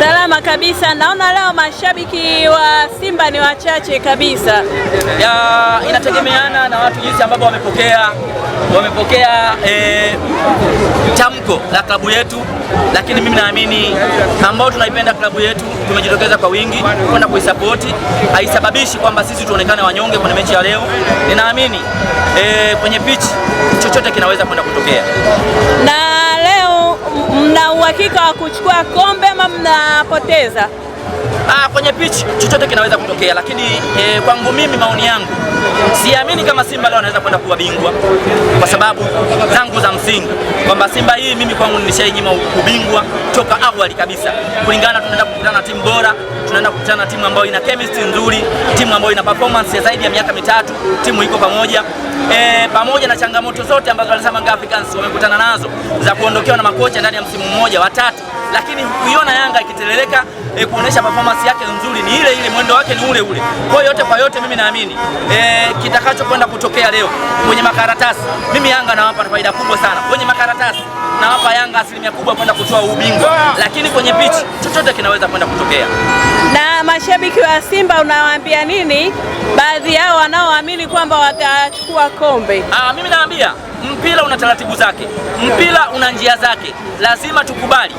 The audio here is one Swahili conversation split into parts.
Salama kabisa. Naona leo mashabiki wa Simba ni wachache kabisa. Ya, inategemeana na watu jinsi ambavyo wamepokea wamepokea eh, tamko la klabu yetu, lakini mimi naamini ambao tunaipenda klabu yetu tumejitokeza kwa wingi kwenda kuisapoti. Haisababishi kwamba sisi tuonekane wanyonge kwenye mechi ya leo. Ninaamini eh, kwenye pichi chochote kinaweza kwenda kutokea na mna uhakika wa kuchukua kombe ama mnapoteza? Ah, kwenye pitch chochote kinaweza kutokea, lakini eh, kwangu mimi maoni yangu Siamini kama Simba leo anaweza kwenda kuwa bingwa kwa sababu zangu za msingi kwamba Simba hii mimi kwangu nilishainyima ubingwa toka awali kabisa, kulingana tunaenda kukutana na timu bora, tunaenda kukutana na timu ambayo ina chemistry nzuri, timu ambayo ina performance ya zaidi ya miaka mitatu, timu iko pamoja e, pamoja na changamoto zote ambazo walisema es Africans wamekutana nazo za kuondokewa na makocha ndani ya msimu mmoja watatu, lakini hukuiona Yanga ikiteleleka e, kuonesha performance yake nzuri ni ile ile, mwendo wake ni ule ule. Kwa yote kwa yote, mimi naamini e, Eh, kitakachokwenda kutokea leo kwenye makaratasi, mimi Yanga nawapa faida kubwa sana kwenye makaratasi, nawapa Yanga asilimia kubwa kwenda kutoa ubingwa, lakini kwenye pichi chochote kinaweza kwenda kutokea. Na mashabiki wa Simba unawaambia nini, baadhi yao wanaoamini kwamba watachukua kombe? Ah, mimi naambia mpira una taratibu zake, mpira una njia zake. Lazima tukubali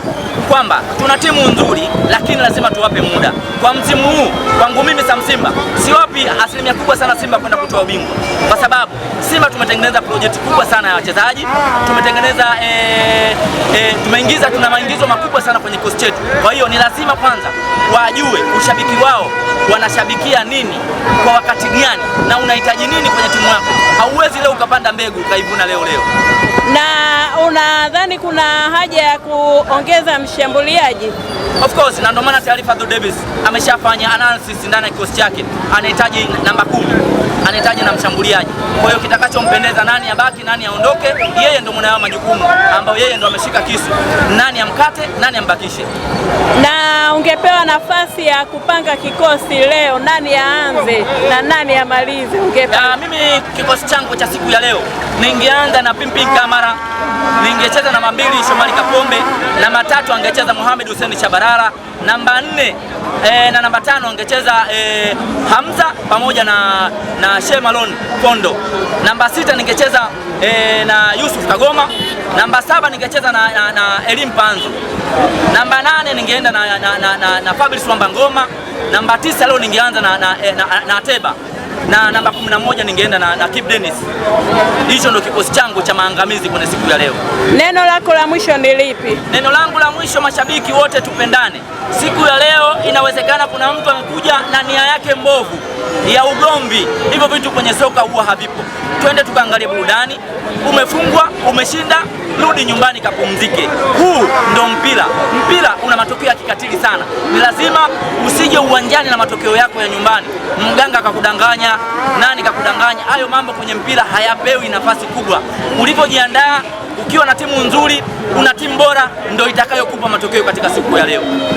kwamba tuna timu nzuri, lakini lazima tuwape muda. Kwa msimu huu kwangu mimi Samsimba siwapi asilimia kubwa sana Simba kwenda kutoa ubingwa, kwa sababu Simba tumetengeneza projekti kubwa sana ya wachezaji, tumetengeneza e, e, tumeingiza, tuna maingizo makubwa sana kwenye kikosi chetu. Kwa hiyo ni lazima kwanza wajue ushabiki wao wanashabikia nini kwa wakati gani, na unahitaji nini kwenye timu yako. Hauwezi leo ukapanda mbegu ukaivuna leo leo. Na unadhani kuna haja ya kuongeza mshambuliaji? Of course, na ndio maana taarifa Fadlu Davis ameshafanya analysis ndani ya kikosi chake, anahitaji namba kumi, anahitaji na mshambuliaji. Kwa hiyo kitakachompendeza nani abaki, nani aondoke, yeye ndio mwenye majukumu ambayo yeye ndio ameshika kisu, nani amkate, nani ambakishe. Na ungepewa nafasi ya kupanga kikosi leo, nani aanze na nani amalize? Ungepewa ah, mimi kikosi changu cha siku ya leo ningia ningeanza na Pimpin Kamara, ningecheza namba mbili Shomari Kapombe, namba tatu angecheza Mohamed Hussein Chabarara, namba nne e, na namba tano angecheza e, Hamza pamoja na, na Shemalon Pondo, namba sita ningecheza e, na Yusuf Kagoma, namba saba ningecheza na, na, na Elim Panzo, namba nane ningeenda na, na, na, na, na Fabrice Ngoma, namba tisa leo ningeanza na, na, na, na, na Teba na namba 11 ningeenda na, na Kip Dennis. Hicho ndio kikosi changu cha maangamizi kwenye siku ya leo. Neno lako la mwisho ni lipi? Neno langu la mwisho, mashabiki wote tupendane. Siku ya leo inawezekana kuna mtu amekuja na nia yake mbovu ya ugomvi. Hivyo vitu kwenye soka huwa havipo. Twende tukaangalie burudani. Umefungwa, umeshinda, rudi nyumbani kapumzike. Huu ndo mpira. Mpira una matokeo ya kikatili sana, ni lazima usije uwanjani na matokeo yako ya nyumbani, mganga kakudanganya, nani kakudanganya. Hayo mambo kwenye mpira hayapewi nafasi kubwa. Ulivyojiandaa ukiwa na timu nzuri, una timu bora, ndo itakayokupa matokeo katika siku ya leo.